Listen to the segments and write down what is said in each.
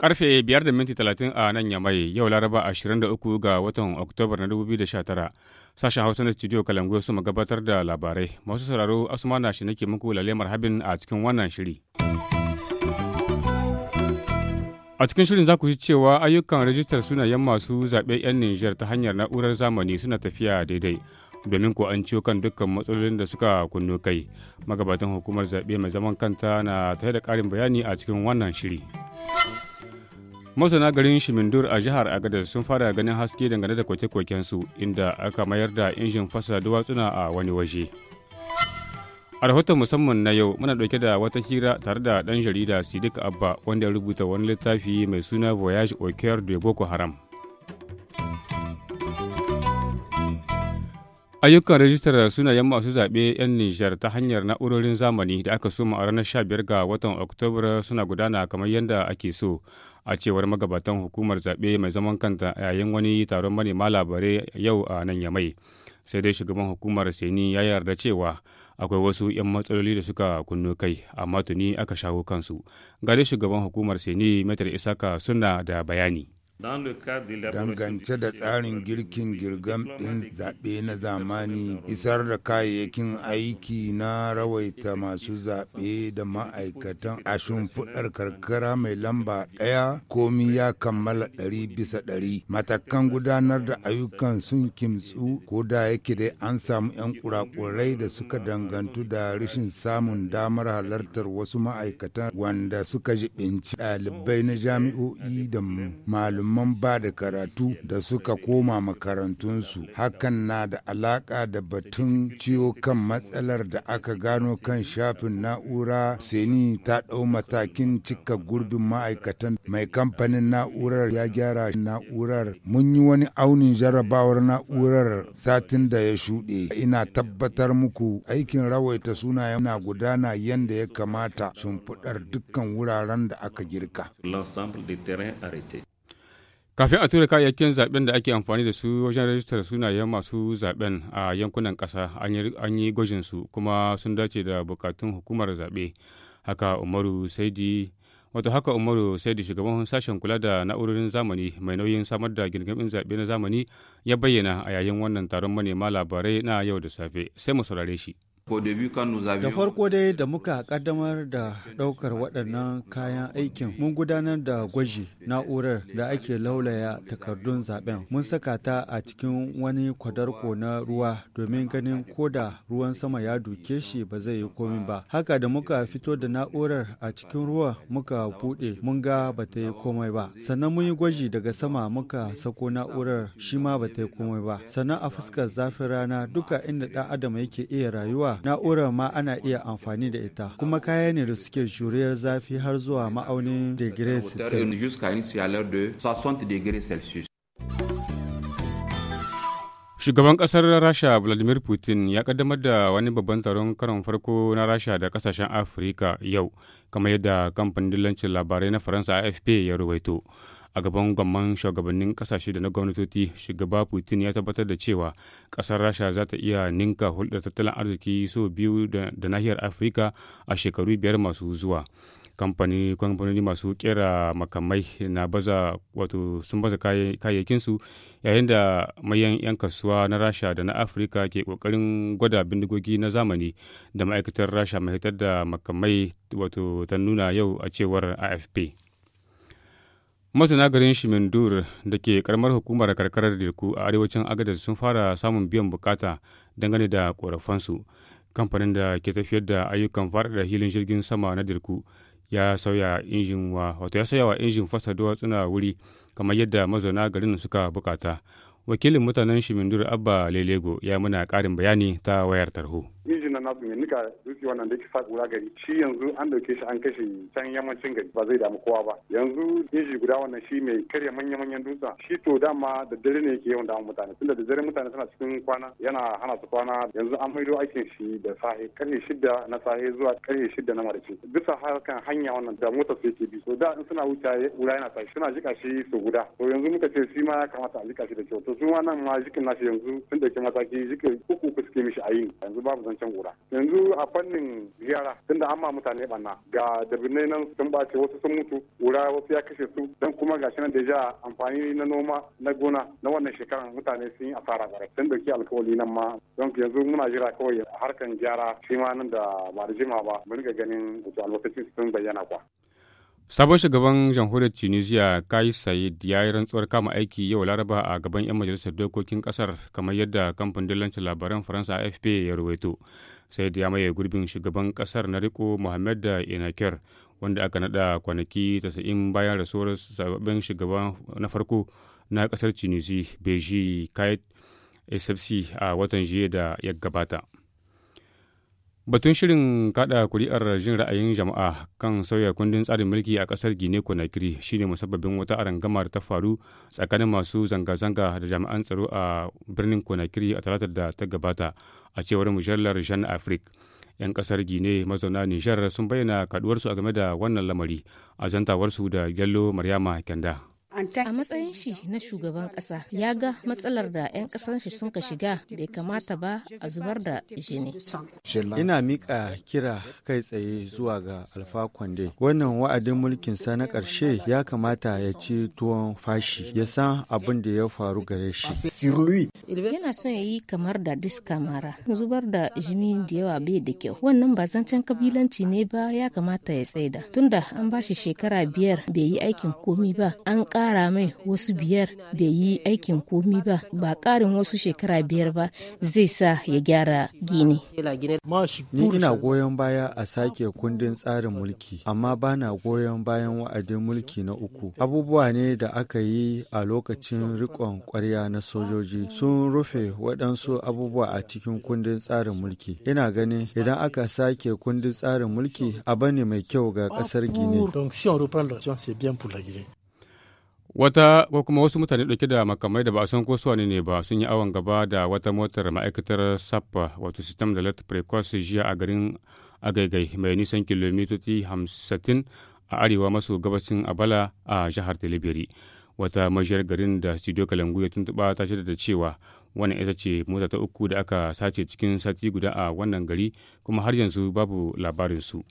Karfe biyar da minti talatin a nan Yamai, yau Laraba 23 ga watan oktobar na 2019. Sashen Hausa na studio Kalangu su gabatar da labarai. Masu sauraro Asuma na shi nake muku lalemar habin a cikin wannan shiri. A cikin shirin za ku ji cewa ayyukan rajistar sunayen masu zaɓe 'yan Nijar ta hanyar na'urar zamani suna tafiya daidai. domin ko an ciyo kan dukkan matsalolin da suka kunno kai magabatan hukumar zaɓe mai zaman kanta na tare da ƙarin bayani a cikin wannan shiri masana garin shimindur a jihar agada sun fara ganin haske dangane da koke su inda aka mayar da injin fasa duwatsuna a wani waje. a rahoton musamman na yau muna dauke da wata hira tare da dan jarida sidik abba wanda ya rubuta wani littafi mai suna voyage au cœur de boko haram ayyukan rajistar sunayen masu zaɓe 'yan nijar ta hanyar na'urorin zamani da aka soma a ranar 15 ga watan oktobar suna gudana kamar yadda ake so a cewar magabatan hukumar zaɓe mai zaman kanta yayin wani taron manema labarai yau a nan yamai sai dai shugaban hukumar seni ya yarda cewa akwai wasu 'yan matsaloli da suka kunno kai amma tuni aka shawo kansu ga shugaban hukumar seni metar isaka suna da bayani Dangance da tsarin girkin girgam ɗin zaɓe na zamani isar da kayayyakin aiki na rawaita masu zaɓe da ma'aikatan a shimfiɗar karkara mai lamba ɗaya komi ya kammala ɗari bisa ɗari. Matakan gudanar da ayyukan sun kimtsu ko da yake dai an samu 'yan kurakurai da suka dangantu da rashin samun damar halartar wasu ma'aikatan wanda suka jibinci ɗalibai na jami'o'i da malum muhimman ba da karatu da suka koma makarantunsu hakan na da alaka da batun ciwo kan matsalar da aka gano kan shafin na'ura seni ta ɗau matakin cika gurbin ma'aikatan mai kamfanin na'urar ya gyara na'urar mun yi wani aunin jarabawar na'urar satin da ya shuɗe ina tabbatar muku aikin rawaita sunayen yana gudana yadda ya kamata shimfiɗar dukkan wuraren da aka girka. kafin a tura kayayyakin zaben da ake amfani da su wajen rajistar sunayen masu zaben a yankunan kasa an yi gwajin su kuma sun dace da bukatun hukumar zaɓe haka umaru saidi wato haka umaru saidi shugaban sashen kula da na'urorin zamani mai nauyin samar da girgamin zaɓe na zamani ya bayyana a yayin wannan taron manema labarai na yau da safe sai mu saurare shi Da farko dai da muka kaddamar da daukar waɗannan kayan aikin mun gudanar da gwaji na'urar da ake laulaya takardun zaben. Mun saka ta a cikin wani kwadarko na ruwa domin ganin ko da ruwan sama ya duke shi ba zai yi komi ba. Haka da muka fito da na'urar a cikin ruwa muka buɗe mun ga ba ta yi komai ba. Sannan mun yi gwaji daga sama muka sako na'urar shi ma ba ta yi komai ba. Sannan a fuskar zafin rana duka inda ɗan adam yake iya rayuwa na'urar ma ana iya amfani da ita kuma kaya ne da suke juriyar zafi har zuwa ma'aunin digiri celsius Shugaban kasar Rasha Vladimir Putin ya kaddamar da wani babban taron karon farko na Rasha da kasashen Afirka yau, kamar yadda kamfanin dillancin labarai na Faransa AFP ya ruwaito. a gaban gwamman shugabannin kasashe da na gwamnatoci shugaba putin ya tabbatar da cewa kasar rasha za ta iya ninka hulɗar tattalin arziki so biyu da nahiyar afirka a shekaru biyar masu zuwa kamfanoni masu kera makamai na baza wato sun baza kayayyakinsu yayin da mayan 'yan kasuwa na rasha da na afirka ke kokarin gwada bindigogi na zamani da ma'aikatar rasha mai hitar da makamai wato ta nuna yau a cewar afp masana garin shimindur da ke karamar hukumar karkarar dirku a arewacin agadez sun fara samun biyan bukata dangane da korafansu kamfanin da ke tafiyar da ayyukan faɗaɗa hilin jirgin sama na dirku ya sauya injin wa wato ya sauya wa injin fasa duwatsuna wuri kamar yadda mazauna garin suka bukata wakilin mutanen shimindur abba lelego ya muna ƙarin bayani ta wayar tarho mijin na nasu mai nika dutse wannan da yake sa kura gari shi yanzu an dauke shi an kashe can yammacin gari ba zai damu kowa ba yanzu miji guda wannan shi mai karya manya-manyan dutsa shi to dama da dare ne yake yawan damun mutane tunda da dare mutane suna cikin kwana yana hana su kwana yanzu an maido aikin shi da sahe karfe shida na sahe zuwa karfe shida na marace bisa harkan hanya wannan da motar su yake bi so da in suna wuce kura yana tashi suna jika shi su guda to yanzu muka ce shi ma ya kamata a jika shi da kyau to su ma nan ma jikin nashi yanzu tun da ke mataki jikin uku suke mishi a yi yanzu babu zan can gura yanzu a fannin yara tunda an ma mutane banna ga dabinai nan sun bace wasu sun mutu wura wasu ya kashe su dan kuma ga shi nan ja amfani na noma na gona na wannan shekaran mutane sun yi asara gara sun dauki alkawali nan ma don yanzu muna jira kawai harkan gyara shi ma nan da ba da jima ba mun ga ganin wasu albarkacin sun bayyana kuwa. Sabon shugaban jamhuriyar Tunisia kai Said ya yi rantsuwar kama aiki yau Laraba a gaban 'yan majalisar dokokin kasar kamar yadda kamfanin dillancin labaran Faransa AFP ya rawaito. Said ya maye gurbin shugaban kasar na riko Mohamed da inaker wanda aka nada kwanaki 90 bayan rasuwar sababin shugaban na farko na kasar Tunisia Beji kai sfc a watan jiya da ya gabata. Batun shirin kada kuri'ar jin ra'ayin jama'a kan sauya kundin tsarin mulki a kasar Gine Conakry shine musabbabin wata arangamar ta faru tsakanin masu zanga-zanga da jami'an tsaro a birnin Conakry a talatar da ta gabata a cewar mujallar Jean Afrique. 'Yan kasar Gine mazauna Nijar sun bayyana kaduwarsu a game da wannan lamari a zantawarsu da Gello Maryama Kenda. A matsayin shi na shugaban kasa ya ga matsalar da 'yan kasan shi sun ka shiga bai kamata ba a zubar da jini. Ina mika kira kai tsaye zuwa ga Alfa Kwande. Wannan wa'adin mulkin sa na ƙarshe ya kamata ya ci tuwon fashi ya san abin da ya faru gare shi. Yana son ya yi kamar da diska mara. Zubar da jini da yawa bai da kyau. Wannan ba zancen kabilanci ne ba ya kamata ya tsaida. Tunda an ba shi shekara biyar bai yi aikin komi ba an yara mai wasu biyar bai yi aikin komi ba ba karin wasu shekara biyar ba zai sa ya gyara gini. Ni ina goyon baya a sake kundin tsarin mulki amma ba na goyon bayan wa'adin mulki na uku. Abubuwa ne da aka yi a lokacin rikon kwarya na sojoji sun rufe waɗansu abubuwa a cikin kundin tsarin mulki. Ina ganin idan aka sake kundin tsarin mulki a ne mai kyau ga ƙasar Gini. wata ko kuma wasu mutane dauke da makamai da ba a san ko suwane ne ba sun yi awon gaba da wata motar ma'aikatar SAPA wato system da lat precoce jiya a garin agaigai mai nisan kilomitoci 50 a arewa maso gabashin abala a jihar talibiri wata majiyar garin da studio kalangu ya tuntuba ta shaida da cewa wannan ita ce mota ta uku da aka sace cikin sati guda a wannan gari kuma har yanzu babu labarin su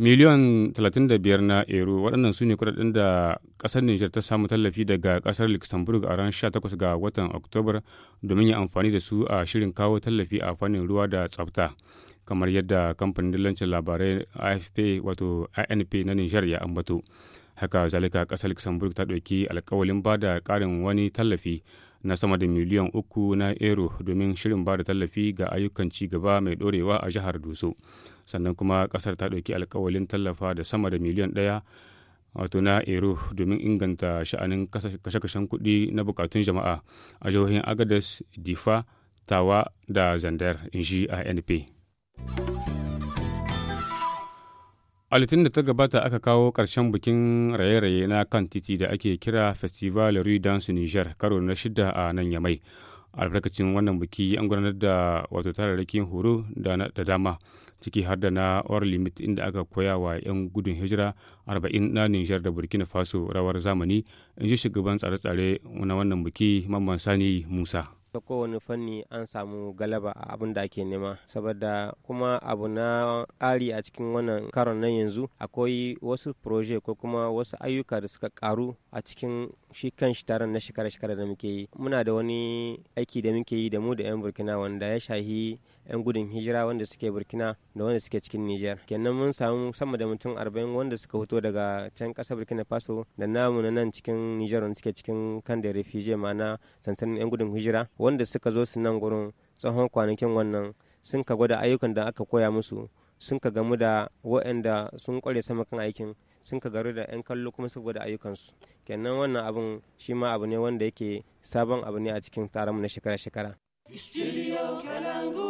miliyan 35 na euro waɗannan su ne kudaden da ƙasar Nijar ta samu tallafi daga ƙasar Luxembourg a ran 18 ga watan Oktobar domin yin amfani da su a shirin kawo tallafi a fannin ruwa da tsafta kamar yadda kamfanin dillancin labarai AFP wato INP na Nijar ya ambato. Haka zalika ƙasar Luxembourg ta ɗauki alkawalin ba da ƙarin wani tallafi na sama da miliyan uku na ero domin shirin ba da tallafi ga ayyukan ci gaba mai dorewa a jihar doso sannan kuma kasar ta ɗauki alkawalin tallafa da sama da miliyan ɗaya wato na ero domin inganta sha'anin kashe-kashen kuɗi na bukatun jama'a a jihohin agadas difa tawa da zandar in ji anp A Litinin da ta gabata aka kawo ƙarshen bikin raye-raye na kan titi da ake kira Festival Rue Dance Niger karo na shida a nan Yamai. Albarkacin wannan biki an gudanar da wato tararrakin horo da dama ciki har da na Or Limit inda aka koya wa 'yan gudun hijira 40 na Niger da Burkina Faso rawar zamani in ji shugaban tsare-tsare na wannan biki Mamman Sani Musa. ta kowane fanni an samu galaba a abin da ake nema saboda kuma abu na ƙari a cikin wannan karon nan yanzu akwai wasu proje ko kuma wasu ayyuka da suka karu a cikin shi kan shi taron na shekara-shekara da muke yi muna da wani aiki da muke yi da mu da 'yan burkina wanda ya shahi 'yan gudun hijira wanda suke burkina da wanda suke cikin niger kenan mun samu sama da mutum arba'in wanda suka fito daga can kasar burkina faso da namu na nan cikin niger wanda suke cikin kan da refugee ma'ana sansanin 'yan gudun hijira wanda suka zo su nan gurin tsawon kwanakin wannan sun ka gwada ayyukan da aka koya musu sun ka gamu da wa'anda sun kware sama kan aikin sun ka garu da 'yan kallo kuma su gwada ayyukansu kenan wannan abun shi ma abu ne wanda yake sabon abu ne a cikin taron na shekara-shekara. Studio Kalangu.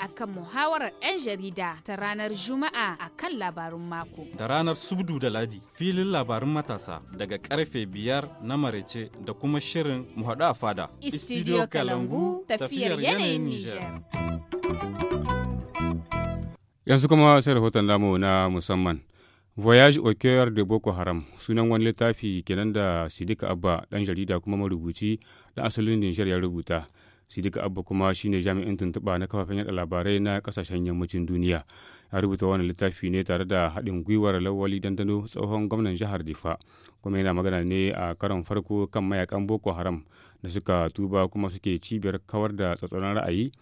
akan muhawarar 'yan jarida ta ranar Juma'a a kan labarun mako. Da ranar Subdu da Ladi filin labarun matasa daga karfe biyar na marece da kuma shirin muhaɗu a fada. Istidiyo Kalangu tafiyar yanayin Nijar. Yanzu kuma sai rahoton lamu na musamman. Voyage au cœur de Boko Haram sunan wani littafi kenan da Sidika Abba ɗan jarida kuma marubuci da asalin Nijar ya rubuta. sidika abba kuma shine jami'in tuntuba na kafafen yada labarai na kasashen yammacin duniya ya rubuta wani littafi ne tare da haɗin gwiwar lawali dandano tsohon gwamnan jihar difa kuma yana magana ne a karon farko kan mayakan boko haram da suka tuba kuma suke cibiyar kawar da tsatsauran ra'ayi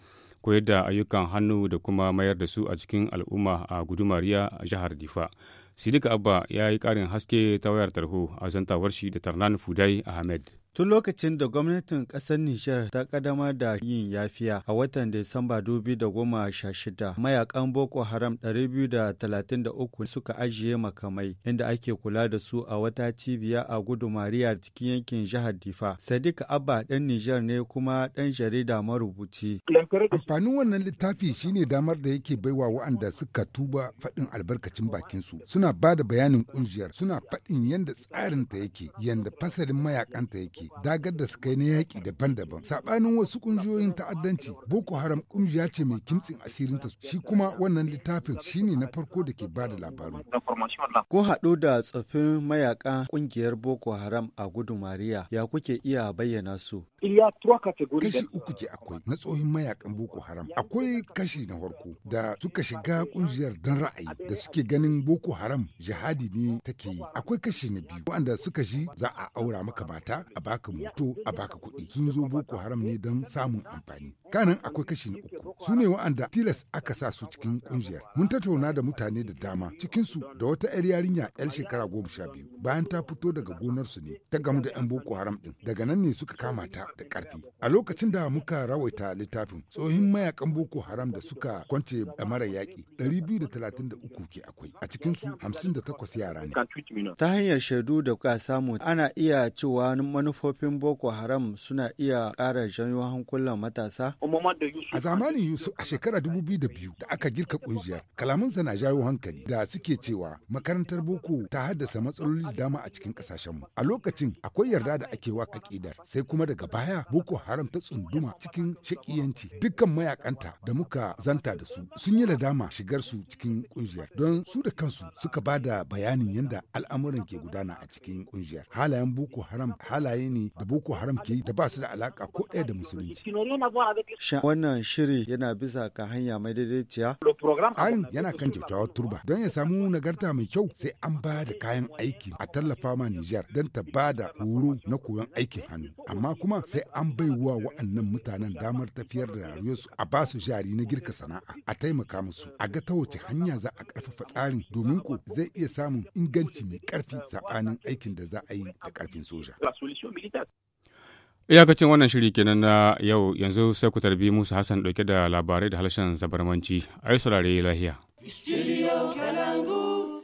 koyar da ayyukan hannu da kuma mayar da su a cikin al'umma a gudumariya a jihar difa sidika abba ya yi ƙarin haske ta wayar tarho a zantawar shi da tarnan fudai ahmed Tun lokacin da gwamnatin ƙasar Nijar ta ƙaddamar da yin yafiya a watan Disamba 2016, mayakan Boko Haram 233 suka ajiye makamai inda ake kula da su a wata cibiya a gudu Mariya cikin yankin jihar Difa. Sadiq Abba ɗan Nijar ne kuma ɗan jarida marubuci. Amfanin wannan littafi shine damar da yake baiwa waɗanda suka tuba faɗin albarkacin bakinsu. Suna ba da bayanin ƙungiyar, suna faɗin yadda ta yake, yadda fasalin mayakanta yake. dagar da suka yi na yaƙi daban-daban saɓanin wasu ƙungiyoyin ta'addanci boko haram ƙungiya ce mai kimtsin asirinta shi kuma wannan littafin shine na farko da ke bada labaru ko haɗu da tsoffin mayaƙa ƙungiyar boko haram a gudu mariya ya kuke iya bayyana su Kashi uku ke euh, akwai na tsohin mayakan Boko Haram. Akwai kashi na farko da suka shiga kungiyar dan ra'ayi da suke ganin Boko Haram jihadi ne take yi. Akwai kashi na biyu wanda suka ji za a aura maka mata a baka moto a baka kuɗi. Sun zo Boko Haram ne don samun amfani. Kanan akwai kashi na uku. Su ne wa'anda tilas aka sa su cikin kungiyar. Mun tattauna da mutane da dama cikinsu da wata 'yar yarinya 'yar shekara goma sha biyu bayan ta fito daga gonarsu ne ta gamu da 'yan Boko Haram ɗin. Daga nan ne suka kama ta da ƙarfi. A lokacin da muka rawaita littafin tsohin mayakan Boko Haram da suka kwance a mara yaƙi 233 ke akwai a cikin cikinsu 58 yara ne. Ta hanyar shaidu da kuka samu ana iya cewa manufofin Boko Haram suna iya ƙara janyo hankulan matasa. A zamanin Yusuf a shekarar 2002 da aka girka ƙungiyar kalamansa na jawo hankali da suke cewa makarantar Boko ta haddasa matsaloli dama a cikin ƙasashenmu. A lokacin akwai yarda da ake wa sai kuma daga baya baya Boko Haram ta tsunduma cikin shakiyanci dukkan mayakanta da muka zanta da su sun yi ladama shigar su cikin kungiyar don su da kansu suka ba da bayanin yadda al'amuran ke gudana a cikin kungiyar. Halayen Boko Haram halaye ne da Boko Haram ke da ba su da alaka ko ɗaya da musulunci. Wannan shiri yana bisa ka hanya mai daidaiciya. Tsarin yana kan kyautawar turba don ya samu nagarta mai kyau sai an ba da kayan aiki a tallafa ma Nijar don ta ba da horo na koyon aikin hannu. Amma kuma sai an bai wa waɗannan mutanen damar tafiyar da rayuwarsu a basu jari na girka sana'a a taimaka musu a ga ta wace hanya za a karfafa tsarin domin ko zai iya samun inganci mai ƙarfi saɓanin aikin da za a yi da ƙarfin soja iyakacin wannan shiri kenan na yau yanzu sai ku tarbi musa hassan ɗauke da labarai da harshen zabarmanci ai saurare lahiya